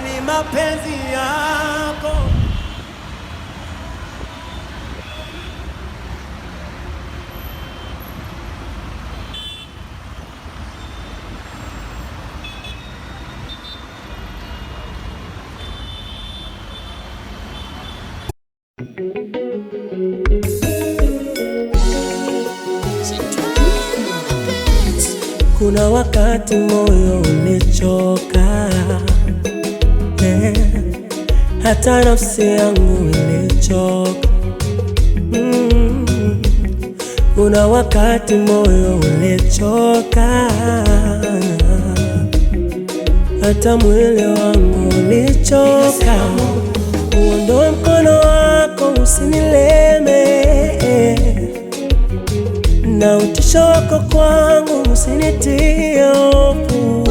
ni mapenzi yako Kuna wakati moyo umechoka hata nafsi yangu ilichoka. mm mm-hmm. Kuna wakati moyo ulichoka, hata mwili wangu ulichoka. Uondoe mkono wako usinileme, na utisho wako kwangu usinitie hofu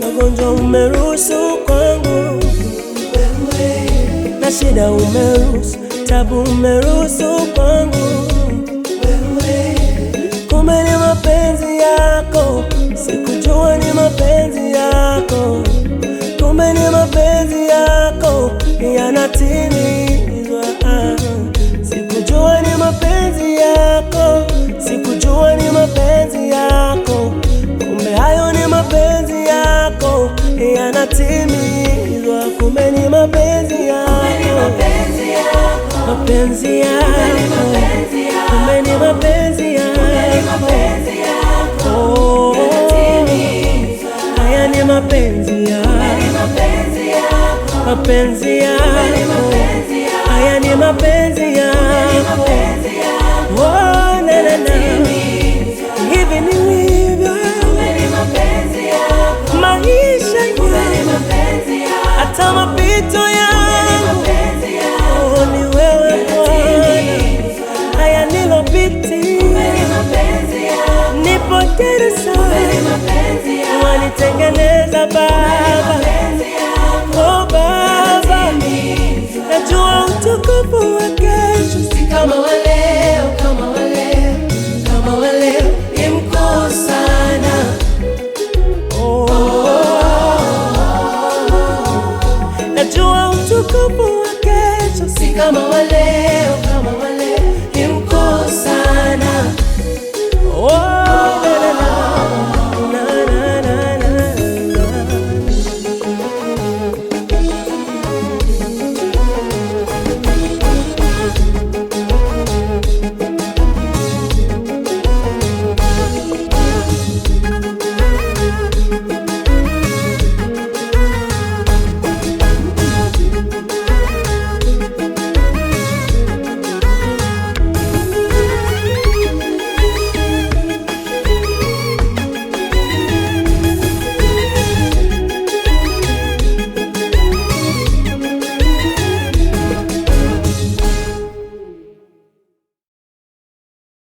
magonjwa umeruhusu kwangu, na shida umeruhusu, tabu umeruhusu kwangu. Kumbe ni mapenzi yako, sikujua ni mapenzi yako, kumbe ni mapenzi yako yanati mapenzi yako, kumbe ni mapenzi yako, haya ni mapenzi yako, mapenzi yako, haya ni mapenzi yako